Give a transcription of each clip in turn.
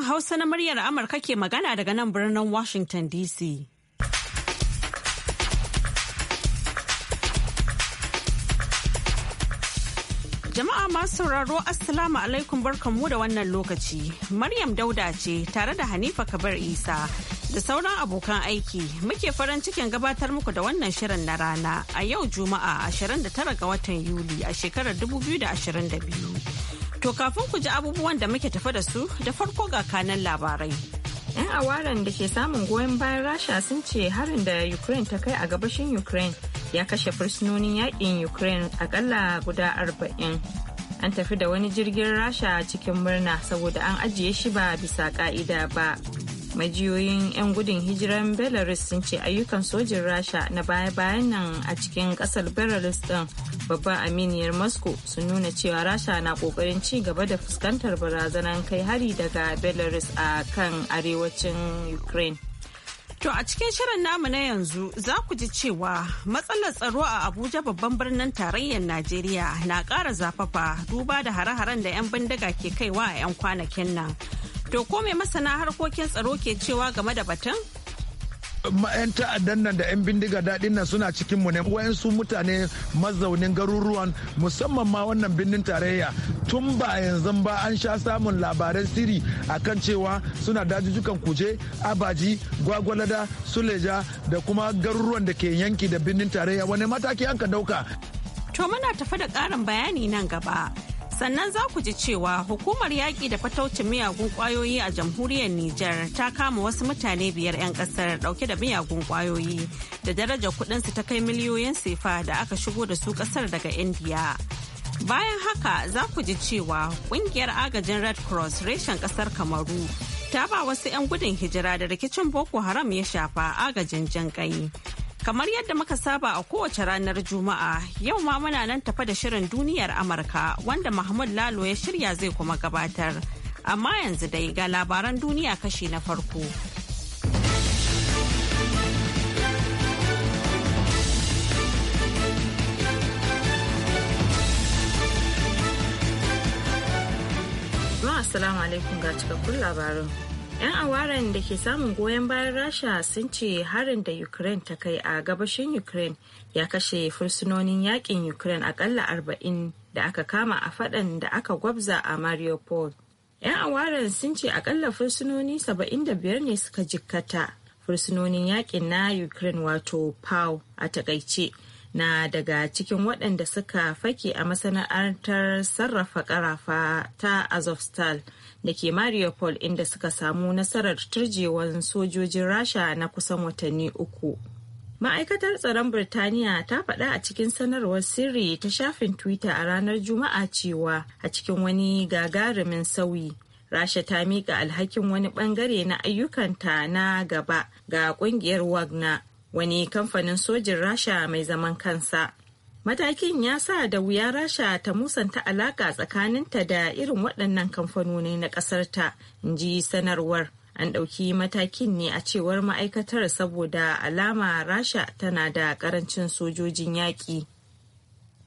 sashen Hausa na muryar Amurka ke magana daga nan birnin Washington DC. Jama'a masu sauraro Assalamu alaikum barkanmu da wannan lokaci. Maryam Dauda ce tare da Hanifa kabar Isa da sauran abokan aiki muke farin cikin gabatar muku da wannan shirin na rana a yau Juma'a 29 ga watan Yuli a shekarar 2022. To kafin ku ji abubuwan da muke tafa da su da farko ga kanan labarai. 'Yan awaren da ke samun goyon bayan Rasha sun ce harin da Ukraine ta kai a gabashin Ukraine ya kashe fursunonin yakin Ukraine akalla guda arba'in. An tafi da wani jirgin Rasha cikin murna saboda an ajiye shi ba bisa ka'ida ba. majiyoyin 'yan gudun hijiran belarus sun ce ayyukan sojin rasha na baya-bayan nan a cikin ƙasar belarus din babban aminiyar moscow sun nuna cewa rasha na kokarin ci gaba da fuskantar barazanar kai hari daga belarus a kan arewacin ukraine To a cikin shirin namu na yanzu za ku ji cewa matsalar tsaro a Abuja babban birnin tarayyar Najeriya na ƙara zafafa duba da hare-haren da 'yan bindiga ke kaiwa a 'yan kwanakin nan. To ko mai masana harkokin tsaro ke cewa game da batun? 'yan ta'addan nan da 'yan bindiga daɗin nan suna cikin mu ne wayansu mutane mazaunin garuruwan musamman ma wannan birnin tarayya tun ba yanzu ba an sha samun labaran siri akan cewa suna dajujukan kuje abaji gwagwalada suleja da kuma garuruwan da ke yanki da birnin tarayya wani mataki an ka dauka to muna tafa da ƙarin bayani nan gaba sannan za ku ji cewa hukumar yaƙi da fataucin miyagun ƙwayoyi a jamhuriyar Nijar ta kama wasu mutane biyar 'yan ƙasar ɗauke da miyagun ƙwayoyi da darajar kuɗinsu ta kai miliyoyin sefa da aka shigo da su ƙasar daga Indiya. Bayan haka za ku ji cewa ƙungiyar agajin Red Cross reshen ƙasar Kamaru ta ba wasu 'yan gudun hijira da rikicin Boko Haram ya shafa agajin jinƙai. Kamar yadda muka saba a kowace ranar Juma'a, yau ma muna nan tafa da shirin duniyar Amurka wanda Mahmud Lalo ya shirya zai kuma gabatar. Amma yanzu dai ga labaran duniya kashi na farko. Assalamu alaikum ga cikakkun labarin. 'Yan awaren da ke samun goyon bayan Rasha sun ce harin da Ukraine ta kai a gabashin Ukraine ya kashe fursunonin yakin Ukraine akalla arba'in da aka kama a fadan da aka gwabza a Mariupol. 'Yan awaren sun ce akalla fursunoni 75 ne suka jikkata. Fursunonin yakin na Ukraine wato POW a takaice na daga cikin waɗanda suka fake a masana'antar sarrafa karafa ta Azovstal. da ke mariupol inda suka samu nasarar turjewar sojojin rasha na kusan watanni uku ma'aikatar tsaron birtaniya ta faɗa a cikin sanarwar sirri ta shafin twitter a ranar juma'a cewa a cikin wani gagarumin sauyi rasha ta miƙa alhakin wani ɓangare na ayyukanta na gaba ga ƙungiyar wagner wani kamfanin sojin rasha mai zaman kansa Matakin ya sa da wuya Rasha ta musanta alaƙa tsakaninta da irin waɗannan kamfanoni na ƙasarta, in ji sanarwar. An ɗauki matakin ne a cewar ma'aikatar saboda alama Rasha tana da ƙarancin sojojin yaƙi.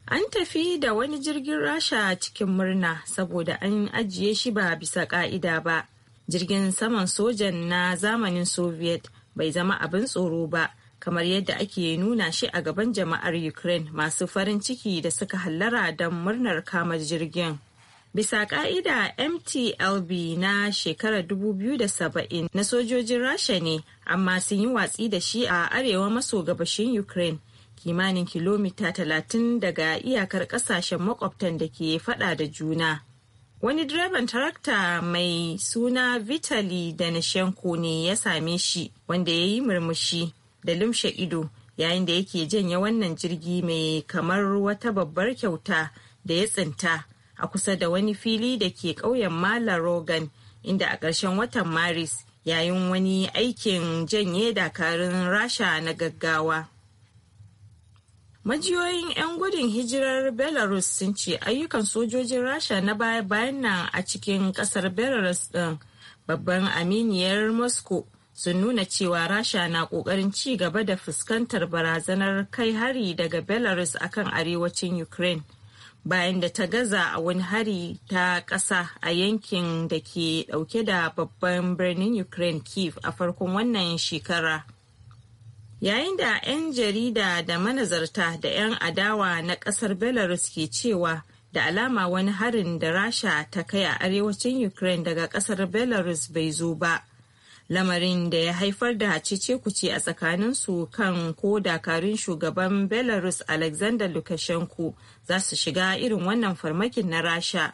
An tafi da wani jirgin Rasha cikin murna saboda an ajiye shi ba bisa ƙa'ida ba. Jirgin saman sojan na zamanin Soviet bai zama abin tsoro ba. kamar yadda ake nuna shi a gaban jama'ar Ukraine masu farin ciki da suka hallara don murnar kamar jirgin. Bisa ka'ida MTLB na shekarar 2070 na sojojin Rasha ne, amma sun yi watsi da shi a arewa maso gabashin Ukraine, kimanin kilomita 30 daga iyakar kasashen makwabtan da ke fada da juna. Wani direban tarakta mai suna Vitali da ne ya same shi, wanda ya yi murmushi. da lumshe ido yayin da yake janye wannan jirgi mai kamar wata babbar kyauta da ya tsinta a kusa da wani fili da ke ƙauyen mala rogan inda a ƙarshen watan maris yayin wani aikin janye dakarun rasha na gaggawa majiyoyin 'yan gudun hijirar belarus sun ce ayyukan sojojin rasha na baya-bayan nan a cikin kasar belarus din babban aminiyar moscow sun nuna cewa rasha na kokarin ci gaba da fuskantar barazanar kai hari daga belarus akan arewacin ukraine bayan da ta gaza a wani hari ta ƙasa a yankin da ke ɗauke da babban birnin ukraine kiev a farkon wannan shekara yayin da 'yan jarida da manazarta da 'yan adawa na kasar belarus ke cewa da alama wani harin da rasha ta kai a arewacin ukraine daga kasar belarus bai zo ba lamarin da ya haifar da cece-kuce a su kan ko dakarun shugaban belarus alexander lukashenko za su shiga irin wannan farmakin na rasha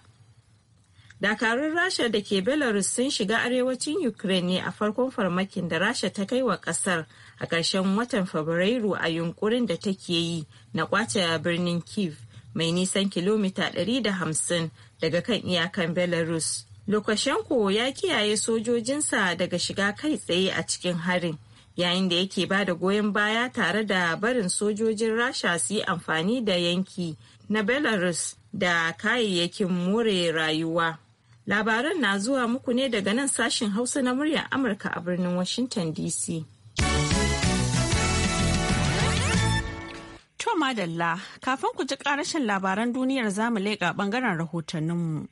dakarun rasha da ke belarus sun shiga arewacin ukraine ne a farkon farmakin da rasha ta kai wa kasar a ƙarshen watan fabrairu a yunkurin da take yi na kwace birnin kiev mai nisan kilomita 150 daga kan iyakan belarus Lukashenko ya kiyaye sojojinsa daga shiga kai tsaye a cikin harin yayin da yake ba da goyon baya tare da barin sojojin rasha su yi amfani da yanki na belarus da kayayyakin more rayuwa labaran na zuwa muku ne daga nan sashin hausa na muryar amurka a birnin washington dc to madalla kafin ku ji karashin labaran duniyar zamu leƙa bangaren rahotanninmu.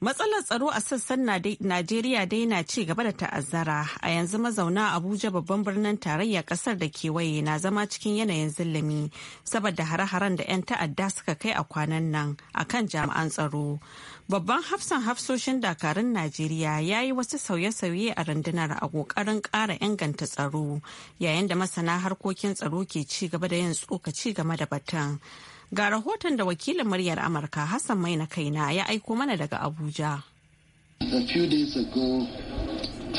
Matsalar tsaro a sassan Najeriya dai na ci gaba da ta'azzara a yanzu mazauna Abuja babban birnin tarayya kasar da kewaye na zama cikin yanayin zillimi saboda hare-haren da 'yan ta'adda suka kai a kwanan nan a kan jami'an tsaro. Babban hafsan hafsoshin dakarun Najeriya ya yi wasu sauye-sauye a rundunar a kokarin ƙara inganta tsaro yayin da masana harkokin tsaro ke ci gaba da yin tsokaci game da batun. Ga rahoton da wakilin muryar Amurka Hassan mai Maina kaina ya aiko mana daga Abuja. A few days ago,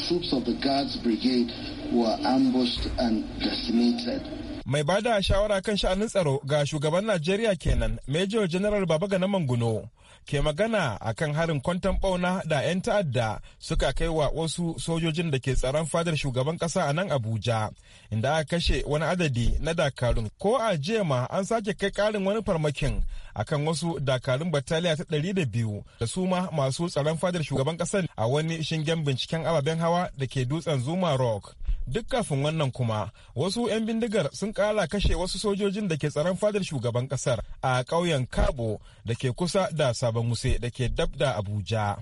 troops of the Guards Brigade were ambushed and decimated. Mai bada shawara kan sha'anin tsaro ga shugaban Najeriya kenan, Major General Babagana Manguno. ke magana a kan harin kwantan bauna da 'yan ta'adda suka kai wa wasu sojojin da ke tsaron fadar shugaban kasa a nan abuja inda aka kashe wani adadi na dakarun ko a jema an sake kai karin wani farmakin akan wasu dakarun bataliya ta ɗari da biyu da su ma masu tsaron fadar shugaban kasar a wani shingen binciken ababen hawa da ke dutsen zuma rock duk kafin wannan kuma wasu 'yan bindigar sun kala kashe wasu sojojin da ke tsaron fadar shugaban kasar a ƙauyen kabo da ke kusa da sabon wuse da ke dab da abuja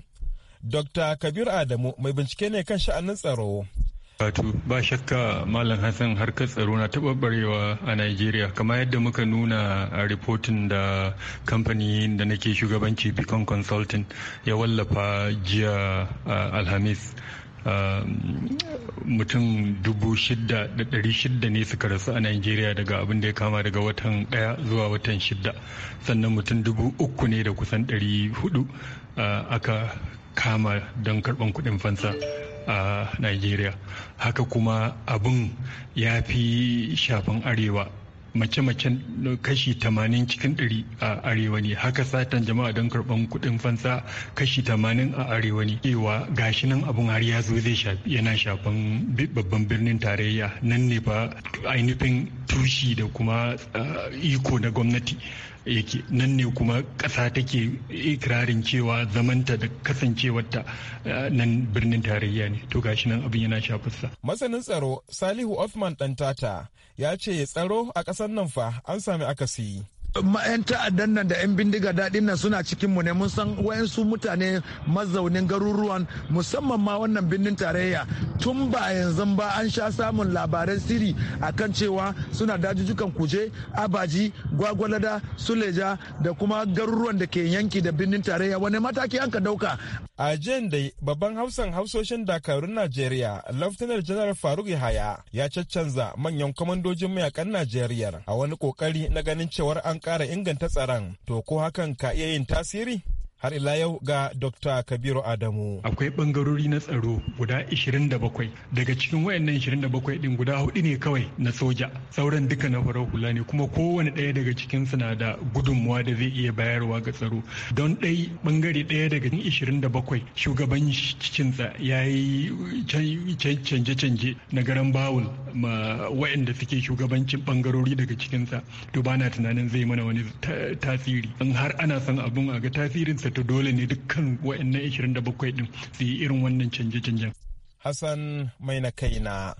dr kabir adamu mai bincike ne kan sha'anin tsaro Wato ba shakka Malam Hassan harkar tsaro na taɓarɓarewa a Najeriya kamar yadda muka nuna a ripotin da kamfanin da nake shugabanci Beacon Consulting ya wallafa jiya Alhamis. Ehm, mutum dubu shida da ɗari shida ne suka rasu a Najeriya daga abin da ya kama daga watan ɗaya zuwa watan shida sannan mutum dubu uku ne da kusan ɗari hudu eh, aka kama don karban kuɗin fansa a Najeriya haka kuma abin ya fi shafin arewa mace-macen kashi 80 cikin 100 a arewa ne haka satan jama'a don karban kudin fansa kashi 80 a arewa ne cewa gashi nan abun har ya zo zai shafi yana shafan babban birnin tarayya nan ne fa ainihin tushi da kuma ah, iko na gwamnati yake nan ne kuma ƙasa take ikirarin cewa zamanta da kasancewarta eh, nan birnin tarayya ne to gashi nan abin yana shafarsa. masanin tsaro salihu othman dantata ya ce tsaro a ƙasar nan fa an sami akasi 'yan ta'addan nan da 'yan bindiga daɗin nan suna cikin mu ne mun san wayansu mutane mazaunin garuruwan musamman ma wannan birnin tarayya tun ba yanzu ba an sha samun labaran sirri akan cewa suna dajujukan kuje abaji gwagwalada suleja da kuma garuruwan da ke yanki da birnin tarayya wani mataki an ka dauka a jiyan da babban hausan hausoshin dakarun najeriya laftanar janar faruk yahaya ya cancanza manyan kwamandojin mayakan najeriya a wani kokari na ganin cewar an ƙara inganta tsaron to ko hakan ka iya yin tasiri har ila yau ga dr kabiru adamu akwai bangarori na tsaro guda 27 daga cikin wayannan 27 din guda hudu ne kawai na soja sauran duka na farar hula ne kuma kowane ɗaya daga cikin suna da gudunmuwa da zai iya bayarwa ga tsaro don ɗai bangare ɗaya daga cikin 27 shugaban cikinsa ya yi canje-canje na garan bawul ma wayanda suke shugabancin bangarori daga cikinsa to bana tunanin zai mana wani tasiri in har ana son abun a ga tasirinsa to dole ne dukkan wa'annan 27 din da yi irin wannan canje-canjen. Hassan mai na kaina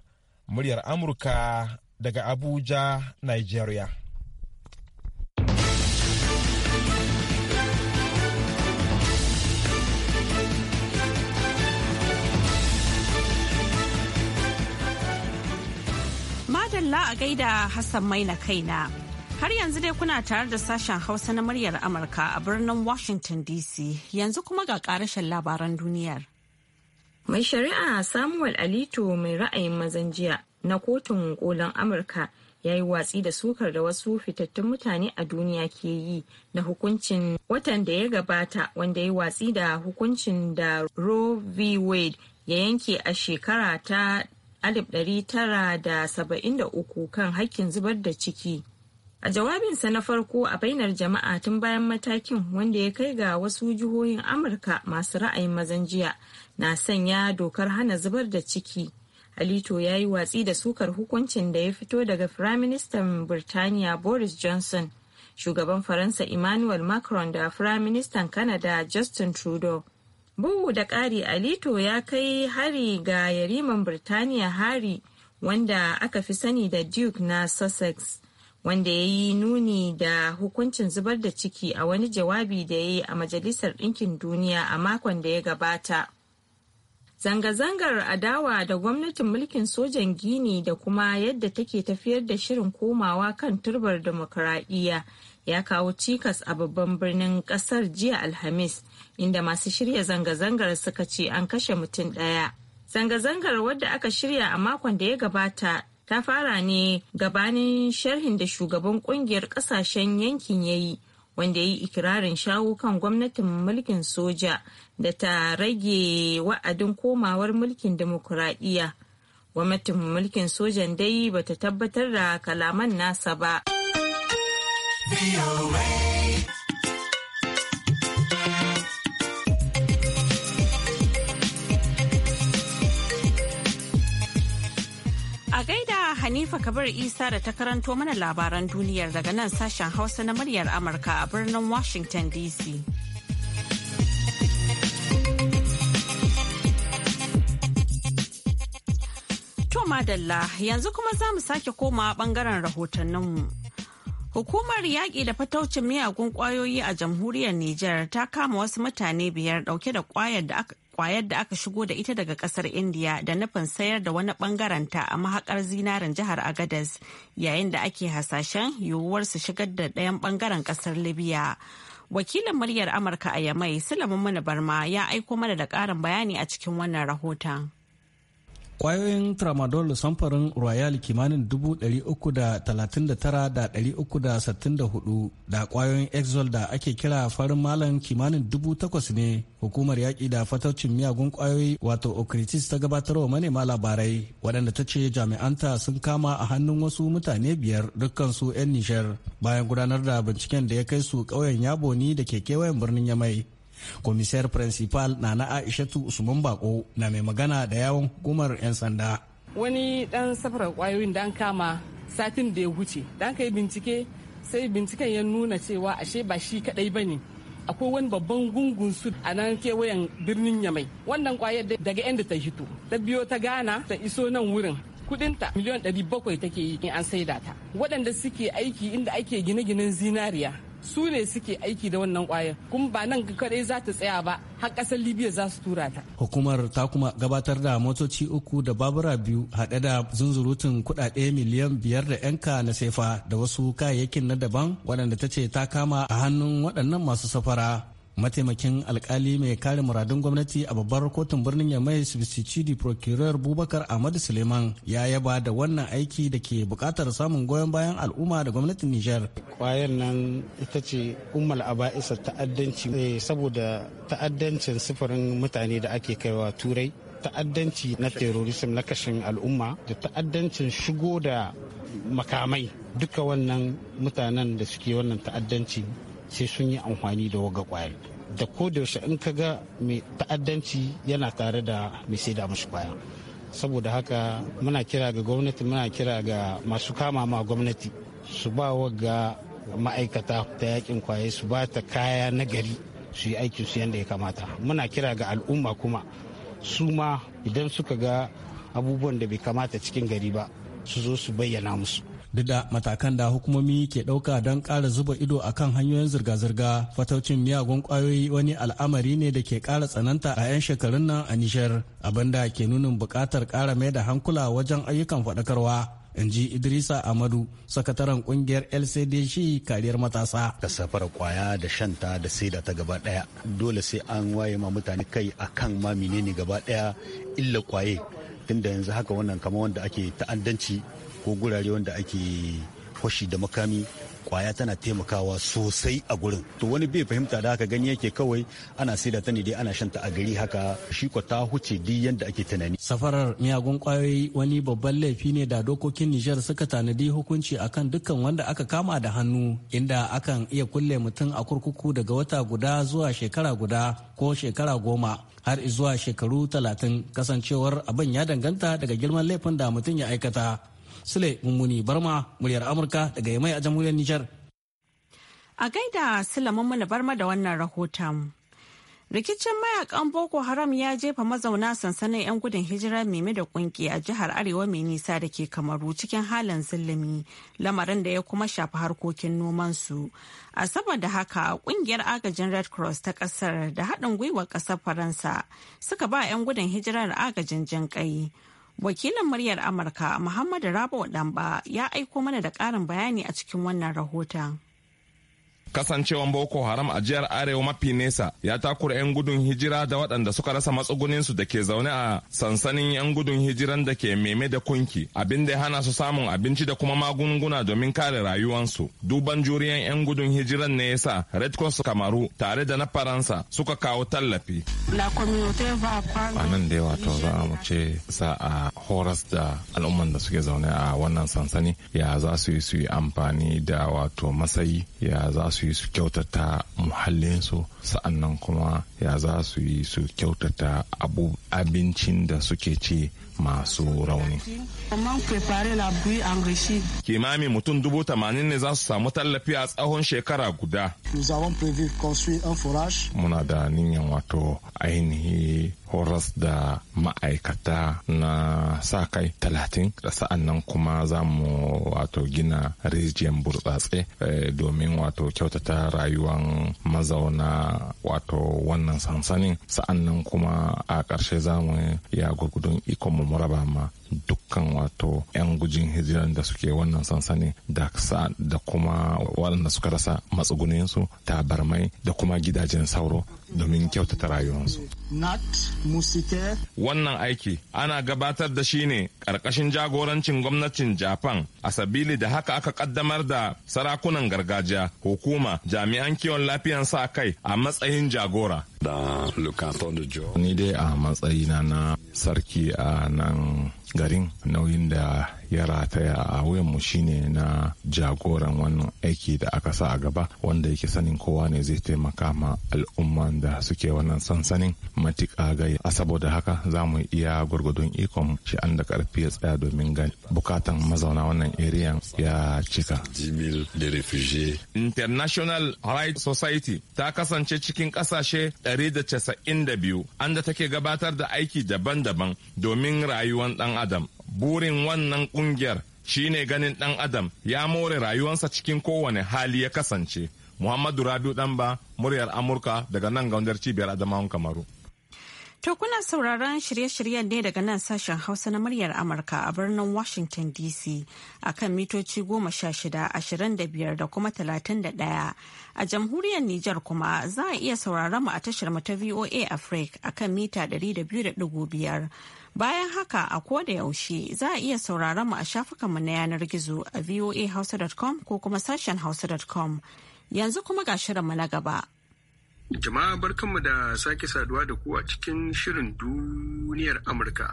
muryar Amurka daga Abuja, Nigeria. Madalla a gaida Hassan mai na kaina. Har yanzu dai kuna tare da sashen Hausa na muryar Amurka a birnin Washington DC yanzu kuma ga karashen labaran duniyar. Mai shari'a Samuel Alito mai ra'ayin mazan jiya na kotun kolon Amurka ya yi watsi da sukar da wasu fitattun mutane a duniya ke yi na hukuncin watan da ya gabata wanda ya watsi da hukuncin da roe v wade ya yanke a shekara ta 1973 kan hakkin zubar da ciki A jawabinsa na farko a bainar jama'a tun bayan matakin wanda ya kai ga wasu jihohin Amurka masu ra'ayin mazan jiya na sanya dokar hana zubar da ciki. Alito ya yi watsi da sukar hukuncin da ya fito daga Firaministan Birtaniya Boris Johnson, shugaban Faransa Emmanuel Macron da Firaministan Canada Justin Trudeau. Bugu da ƙari Alito ya kai hari ga yariman Birtaniya Hari wanda aka fi sani da Duke na Sussex. wanda ya yi nuni da hukuncin zubar da ciki a wani jawabi da ya yi a Majalisar Ɗinkin Duniya a makon da ya gabata. Zanga-zangar adawa da gwamnatin mulkin sojan Gini da kuma yadda take tafiyar da shirin komawa kan turbar demokuraɗiyya ya kawo cikas a babban birnin ƙasar jiya Alhamis, inda masu shirya zanga-zangar suka ce an kashe mutum ɗaya. Zanga-zangar wadda aka shirya a makon da ya gabata ta fara ne gabanin sharhin da shugaban kungiyar kasashen yankin ya yi wanda ya yi ikirarin shawo kan gwamnatin mulkin soja da ta rage wa'adin komawar mulkin demokuraɗiyya. gwamnatin mulkin sojan dai bata tabbatar da kalaman nasa ba. Hanifa Kabir Isa da ta karanto mana labaran duniyar daga nan sashen Hausa na muryar Amurka a birnin Washington DC. To madalla yanzu kuma za mu sake koma bangaren rahotanninmu. Hukumar yaƙi da fataucin miyagun ƙwayoyi a jamhuriyar Nijar ta kama wasu mutane biyar ɗauke da ƙwayar da aka kwayar da aka shigo da ita daga kasar India da nufin sayar da wani bangaranta a mahakar zinarin jihar Agadez yayin da ake hasashen yiwuwar su shigar da ɗayan bangaren kasar Libya. Wakilin muryar Amurka a Yamai Sulaiman Mana Barma ya aiko mana da ƙarin bayani a cikin wannan rahoton. kwayoyin tramadol samfarin royal kimanin 339,364 da da kwayoyin exol da ake kira farin malam kimanin 8,000 ne hukumar yaƙi da fataucin miyagun kwayoyi wato okritis ta gabatarwa manema labarai waɗanda ta ce jami'anta sun kama a hannun wasu mutane biyar dukkansu 'yan nishar bayan gudanar da binciken da ya kai su ƙauyen yabo yaboni da ke kewayen birnin yamai Komisar principal na na Aishatu Usman Bako na mai magana da yawon hukumar 'yan sanda. Wani dan safarar kwayoyin dan kama satin da ya wuce, dankai kai bincike sai binciken ya nuna cewa ashe ba shi kadai bane akwai wani babban gungun su a nan kewayen birnin yamai wannan kwayar daga yadda ta hito ta biyo ta gana ta iso nan wurin kudinta miliyan 700 take yi in an saida ta waɗanda suke aiki inda ake gine-ginen zinariya su ne suke aiki da wannan kwayar kuma ba nan kadai za ta tsaya ba har kasar libya za su tura ta hukumar ta kuma gabatar da motoci uku da babura biyu haɗe da zunzurutun kuɗaɗe miliyan biyar da yanka na sefa da wasu kayayyakin na daban waɗanda ta ce ta kama a hannun waɗannan masu safara mataimakin alkali mai kare muradun gwamnati a babbar kotun birnin yamai subsidi procureur bubakar Ahmadu suleiman ya yaba da wannan aiki da ke bukatar samun goyon bayan al'umma da gwamnatin niger kwayan nan ita ce ummal aba'isa ta'addanci eh, saboda ta'addancin sufurin mutane da ake kaiwa turai ta'addanci na terrorism na kashin al'umma da ta'addancin shigo da makamai duka wannan mutanen da suke wannan ta'addanci sai sun yi amfani da waga kwayar da ko da yaushe in ka ga mai ta'addanci yana tare da mai sai da mashi kwaya saboda haka muna kira ga gwamnati muna kira ga masu kama ma gwamnati su ba waga ma'aikata ta yakin kwaye su ba ta kaya na gari su yi aikin su yadda ya kamata muna kira ga al'umma kuma su ma idan suka ga abubuwan da bai kamata cikin gari ba su zo su bayyana musu duk da matakan da hukumomi ke ɗauka don ƙara zuba ido a kan hanyoyin zirga-zirga fataucin miyagun ƙwayoyi wani al'amari ne da ke ƙara tsananta a 'yan shekarun nan a nishar abinda ke nunin buƙatar ƙara mai da hankula wajen ayyukan faɗakarwa in ji idrisa amadu sakataren kungiyar lcdc kariyar matasa da safar kwaya da shanta da saida ta gaba daya dole sai an waye ma mutane kai a kan ma menene gaba daya illa kwaye tunda yanzu haka wannan kama wanda ake ta'addanci ko gurare wanda ake fashi da makami kwaya tana taimakawa sosai a gurin to wani bai fahimta da haka gani yake kawai ana saida ta ne dai ana shanta a gari haka shi ko ta huce di yanda ake tunani safarar miyagun kwayoyi wani babban laifi ne da dokokin Nijar suka tanadi hukunci akan dukkan wanda aka kama da hannu inda akan iya kulle mutum a kurkuku daga wata guda zuwa shekara guda ko shekara goma har zuwa shekaru talatin kasancewar abin ya danganta daga girman laifin da mutum ya aikata Sule Mummuni Barma muryar Amurka daga Yamai a jamhuriyar Nijar. A gaida Sule Mummuni Barma da wannan rahoton. Rikicin mayakan Boko Haram ya jefa mazauna sansanin 'yan gudun hijira meme da kunki a jihar Arewa mai nisa da ke Kamaru cikin halin zulumi, lamarin da ya kuma shafi harkokin nomansu. A da haka kungiyar agajin Red Cross ta kasar da haɗin gwiwar ƙasar Faransa suka ba 'yan gudun hijirar agajin jinƙai. Wakilin muryar Amurka Muhammadu Rabo Damba ya aiko mana da ƙarin bayani a cikin wannan rahoton. kasancewan boko haram a jihar arewa mafi nesa ya takura 'yan gudun hijira da waɗanda suka rasa matsugunin su da ke zaune a sansanin 'yan gudun hijiran da ke meme da kunki abin da ya hana su samun abinci da kuma magunguna domin kare rayuwansu duban juriyan 'yan gudun hijiran ne yasa red cross kamaru tare da na faransa suka kawo tallafi a nan yawa wato za a ce sa a horas da al'umman da suke zaune a wannan sansani ya za su yi su yi amfani da wato masayi ya za su su yi su kyautata muhallinsu sa'annan kuma ya za su yi su kyautata abincin da suke ci masu rauni. Kimami mutum dubu tamanin ne za su samu tallafi a tsawon shekara guda. Muna da niyan wato ainihi horas da ma'aikata na sa kai talatin da sa'an nan kuma za mu wato gina rijiyar burtsatse eh, domin wato kyautata rayuwan mazauna wato wannan sansanin sa'an nan kuma a ƙarshe za mu ya gurgudun ikonmu mu raba ma dukkan wato 'yan gujin hijiran da suke wannan sansani da da kuma waɗanda suka rasa su tabarmai da kuma gidajen sauro domin kyautata rayuwarsu. Wannan aiki ana gabatar da shi ne ƙarƙashin jagorancin gwamnatin Japan a sabili da haka aka ƙaddamar da sarakunan gargajiya, hukuma, jami'an kiwon lafiyan sa kai a matsayin jagora. Da Ni dai a matsayina na sarki a nan garin nauyin da ya rataya a wuyanmu shine na jagoran wannan aiki da aka sa a gaba wanda yake sanin kowa ne zai taimaka ma al'umma da suke wannan sansanin matuƙa gai a saboda haka za mu iya gurgudun ikon shi an da karfi ya tsaya domin gani bukatan mazauna wannan eriyan ya cika international rights society ta kasance cikin kasashe 192 an da take gabatar da aiki daban-daban domin rayuwar dan adam burin wannan kungiyar shine ganin dan adam ya more rayuwansa cikin kowane hali ya kasance muhammadu rabiu ba muryar amurka daga nan gaunar cibiyar adamawan kamaru to kuna sauraron shirye-shiryen ne daga nan sashen hausa na muryar amurka a birnin washington dc akan mitoci goma sha shida ashirin da biyar da kuma talatin da daya a jamhuriyar nijar kuma za a iya sauraron mu a tashar mu ta voa africa akan mita ɗari da biyu biyar Bayan haka a koda yaushe za a iya sauraron mu a shafukanmu na yanar gizo a voahausa.com ko kuma sashen hausa.com. Yanzu kuma ga shirinmu na gaba. Jama'a barkanmu da sake saduwa da ku a cikin shirin duniyar Amurka.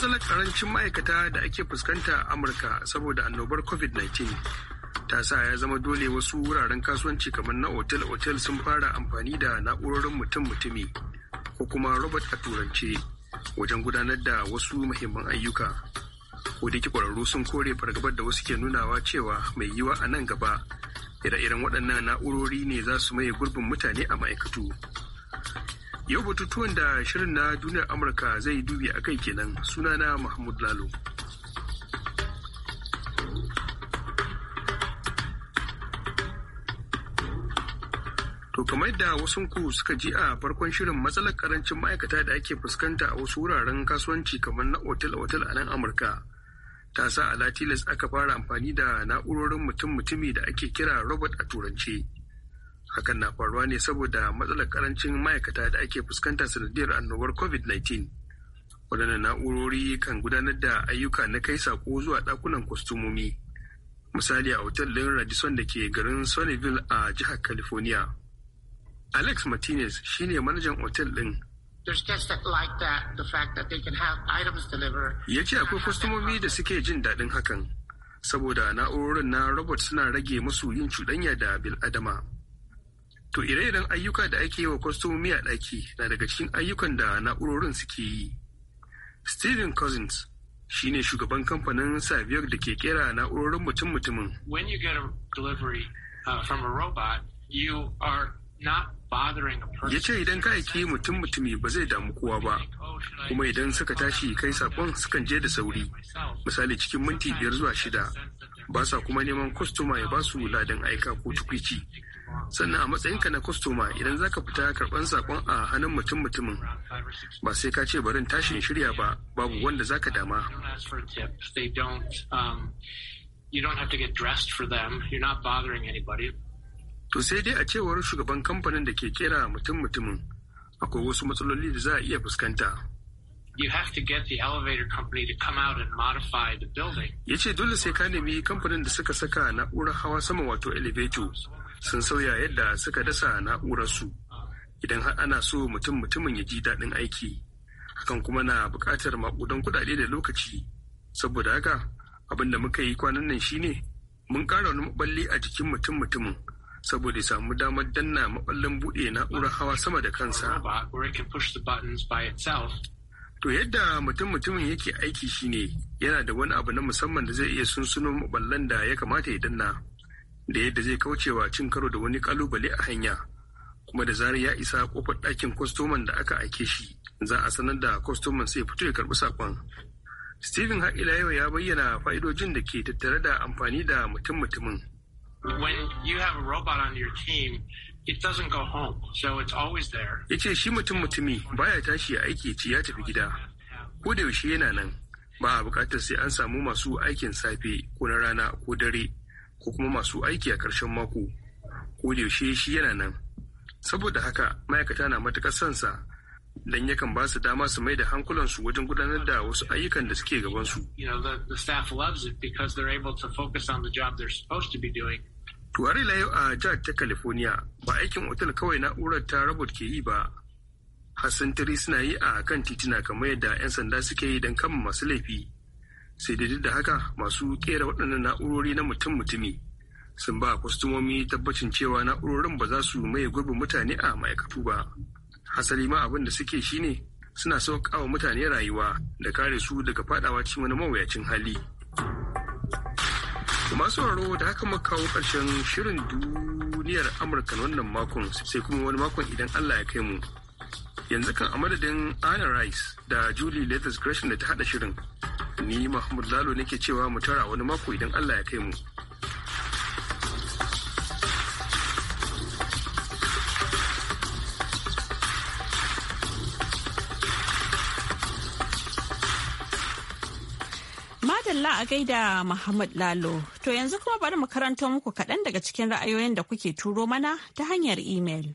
matsalar karancin ma'aikata da ake fuskanta a amurka saboda annobar covid-19 ta sa ya zama dole wasu wuraren kasuwanci kamar na otel-otel sun fara amfani da na'urorin mutum-mutumi ko kuma robot a turance wajen gudanar da wasu muhimman ayyuka ko da kwararru sun kore fargabar da wasu ke nunawa cewa mai yiwa a nan gaba ire-iren waɗannan na'urori ne za su maye gurbin mutane a ma'aikatu Yau batutuwan da shirin na duniyar Amurka zai dubi a kai kenan sunana Mahmud Lalo. To kamar yadda wasu ku suka ji a farkon shirin matsalar karancin ma'aikata da ake fuskanta a wasu wuraren kasuwanci kamar na otel otal a nan Amurka. Ta sa a Latilas aka fara amfani da na'urorin mutum-mutumi da ake kira robot a turance. hakan na faruwa ne saboda matsalar karancin ma'aikata da ake fuskanta sanadiyar annobar covid-19 waɗannan na'urori kan gudanar da ayyuka na kai sako zuwa ɗakunan kwastomomi misali a otal ɗin radisson da ke garin sunnyville a jihar california alex martinez shine manajan otal ɗin ya ce akwai kwastomomi da suke jin daɗin hakan saboda na'urorin na robot suna rage masu yin cuɗanya da bil'adama. adama To ire-iren ayyuka da ake yi wa kwastomomi a ɗaki na daga cikin ayyukan da na'urorin suke yi. Steven Cousins shi ne shugaban kamfanin Saviyar da ke kera na'urorin mutum-mutumin. When you get a delivery uh, from a robot, you are not ya ce idan ka aiki mutum mutumi ba zai damu kowa ba kuma idan suka tashi kai sakon sukan je da sauri misali cikin minti biyar zuwa shida ba sa kuma neman kwastoma ya ba su ladan aika ko tukwici sannan a matsayinka na kwastoma idan za ka fita karban sakon a hannun mutum mutumin ba sai ka ce barin tashin shirya ba babu wanda za ka dama to sai dai a cewar shugaban kamfanin da ke kera mutum mutumin akwai wasu matsaloli da za a iya fuskanta Ya ce dole sai ka nemi kamfanin da suka saka na'urar hawa sama wato elevator sun sauya yadda suka dasa na'urarsu idan har ana so mutum mutumin ya ji daɗin aiki hakan kuma na buƙatar maƙudan kuɗaɗe da lokaci saboda haka abin da muka yi kwanan nan shine mun ƙara wani maɓalli a jikin mutum mutumin saboda ya samu damar danna maɓallin buɗe na'urar hawa sama da kansa to yadda mutum mutumin yake aiki shine yana da wani abu na musamman da zai iya sunsuno ballan da ya kamata ya danna da yadda zai kaucewa cin karo da wani kalubale a hanya kuma da zarar ya isa kofar ɗakin kwastoman da aka ake shi za a sanar da kwastoman sai fito ya karɓi saƙon stephen haƙila yau ya bayyana fa'idojin da ke tattare da amfani da mutum-mutumin when you a robot on yace shi mutum-mutumi baya tashi aiki ci ya tafi gida ko da yaushe yana nan ba a buƙatar sai an samu masu aikin safe ko na rana ko dare ko kuma masu aiki a ƙarshen mako ko da yaushe shi yana nan saboda haka ma'aikata na matuƙar sa dan yakan ba su dama su mai da hankulansu wajen gudanar da wasu ayyukan da suke gabansu. su to a jihar ta California ba aikin otal kawai na'urar ta robot ke yi ba. Hassantiri suna yi a kan titina kamar yadda 'yan sanda suke yi don kama masu laifi. sai dai duk da haka masu kera waɗannan na'urori na mutum mutumi sun ba kwastomomi tabbacin cewa na'urorin ba za su maye gurbin mutane a ma'aikatu ba hasali ma abin da suke shine suna sauƙawa mutane rayuwa da kare su daga fadawa cikin wani mawuyacin hali masu sauraro da haka muka kawo ƙarshen shirin duniyar amurka wannan makon sai kuma wani makon idan allah ya kai mu yanzu kan a madadin Rice da Julie Lathis Gresham da ta hada shirin. Ni Mahmud Lalo nake cewa mu tara wani mako idan Allah ya kai mu. Madalla a gaida Muhammad Lalo. To yanzu kuma bari mu karanta muku kaɗan daga cikin ra'ayoyin da kuke turo mana ta hanyar imel.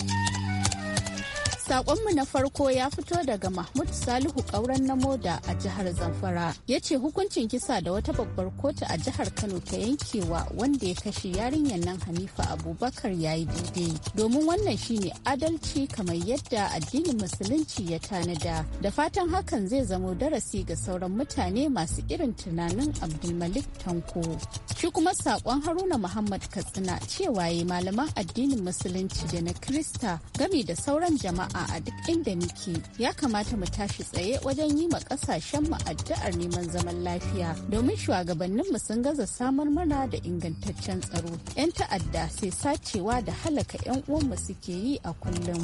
Sakonmu na farko ya fito daga Mahmud Salihu Kauran na Moda a jihar Zamfara. Ya ce hukuncin kisa da wata babbar kotu a jihar Kano ta yankewa wanda ya kashe yarinyar nan Hanifa Abubakar ya yi daidai. Domin wannan shine adalci kamar yadda addinin Musulunci ya tanada. Da fatan hakan zai zamo darasi ga sauran mutane masu irin tunanin Abdulmalik Tanko. Shi kuma sakon Haruna Muhammad Katsina cewa ya malaman addinin Musulunci da na Krista game da sauran jama'a a duk inda muke ya kamata mu tashi tsaye wajen yi ma kasashen mu addu'ar neman zaman lafiya domin mu sun gaza samar mana da ingantaccen tsaro 'yan ta'adda sai sacewa da halaka 'yan uwanmu suke yi a kullum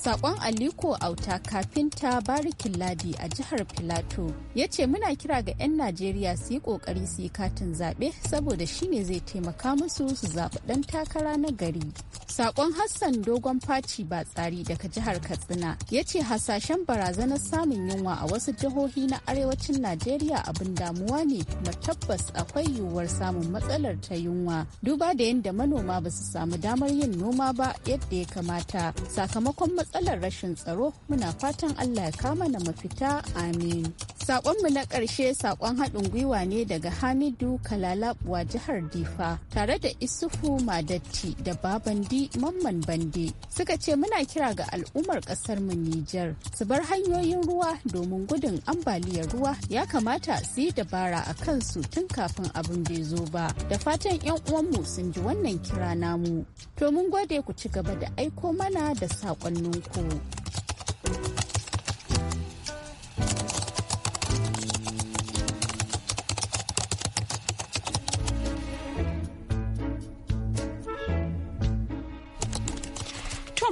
Sakon Aliko Auta kafinta Barikin Ladi a jihar Filato ya ce muna kira ga 'yan Najeriya su yi kokari su yi katin zaɓe saboda shi ne zai taimaka musu su zaɓi ɗan takara na gari. Sakon Hassan Dogon Faci ba tsari daga jihar Katsina ya ce hasashen barazanar samun yunwa a wasu jihohi na arewacin Najeriya abin damuwa ne kuma tabbas akwai yiwuwar samun matsalar ta yunwa duba da yadda manoma ba su samu damar yin noma ba yadda ya kamata sakamakon matsalar rashin tsaro muna fatan allah ya kama na mafita amin saƙonmu na ƙarshe saƙon haɗin gwiwa ne daga Hamidu Kalalabuwa jihar Difa tare da Isufu Madatti da Babandi Mamman Bande suka ce muna kira ga al'ummar ƙasar mu Nijar su bar hanyoyin ruwa domin gudun ambaliyar ruwa ya kamata su yi dabara a kansu tun kafin abin bai zo ba da fatan 'yan uwanmu sun ji wannan kira namu. To mun gode ku ci gaba da aiko mana da saƙonnin ku.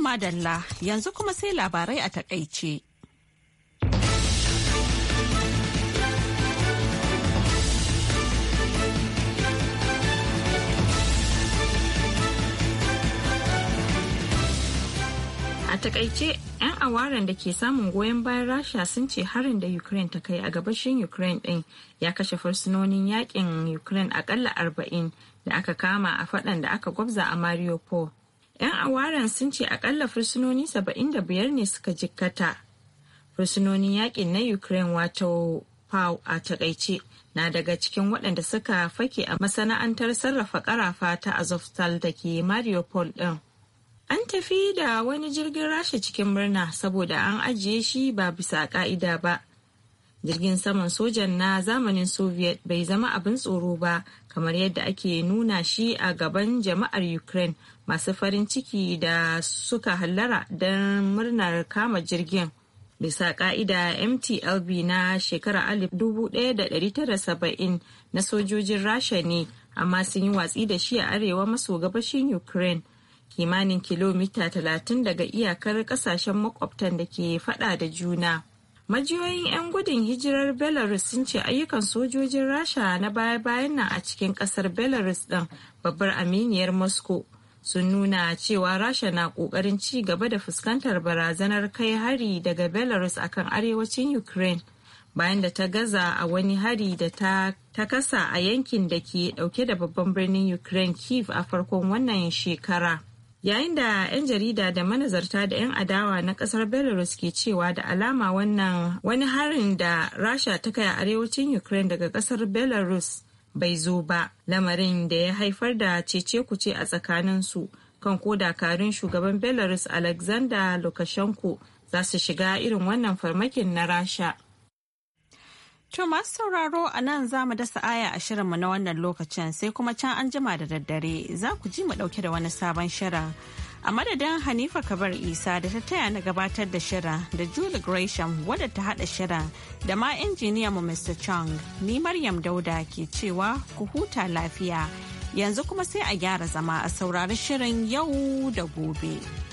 madalla yanzu kuma sai labarai a takaice. takaice 'yan awaren da ke samun goyon bayan rasha sun ce harin da ukraine ta kai a gabashin ukraine din ya kashe fursunonin yakin ukraine akalla arba'in da aka kama a fadan da aka gwabza a mariupol 'yan awaren sun ce akalla fursunoni 75 ne suka jikkata fursunonin yakin na ukraine wato pow a takaice na daga cikin waɗanda suka fake a masana'antar sarrafa karafa ta azovstal da ke mariupol din An tafi da wani jirgin rasha cikin murna saboda an ajiye shi ba bisa ka'ida ba. Jirgin saman sojan na zamanin Soviet bai zama abin tsoro ba kamar yadda ake nuna shi a gaban jama'ar Ukraine masu farin ciki da suka hallara don murnar kama jirgin. Bisa ka'ida MTLB na shekara 1970 na sojojin Rasha ne, amma sun yi watsi da shi a arewa maso gabashin Ukraine. kimanin kilomita 30 daga iyakar kasashen makwabtan da ke fada da juna. Majiyoyin 'yan gudun hijirar Belarus sun ce ayyukan sojojin Rasha na baya-bayan nan a cikin kasar Belarus ɗin babbar aminiyar Moscow sun nuna cewa Rasha na ƙoƙarin ci gaba da fuskantar barazanar kai hari daga Belarus akan arewacin Ukraine bayan da ta gaza a wani hari da ta, kasa a yankin da ke ɗauke da babban birnin Ukraine Kiev a farkon wannan shekara. yayin da 'yan jarida da manazarta da 'yan adawa na kasar belarus ke cewa da alama wannan wani harin da rasha ta kai a arewacin ukraine daga kasar belarus bai zo ba lamarin da ya haifar da cece kuce a tsakanin su kan ko dakarun shugaban belarus alexander lukashenko za su shiga irin wannan farmakin na rasha To masu sauraro a nan za mu dasa aya a shirinmu na wannan lokacin sai kuma can an jima da daddare za ku ji mu ɗauke da wani sabon shirin. A madadin Hanifa Kabar Isa da ta taya na gabatar da shirin da Julie Gresham wadda ta haɗa shirin da ma injiniya mu Mr. Chung ni Maryam Dauda ke cewa ku huta lafiya yanzu kuma sai a gyara zama a saurari shirin yau da gobe.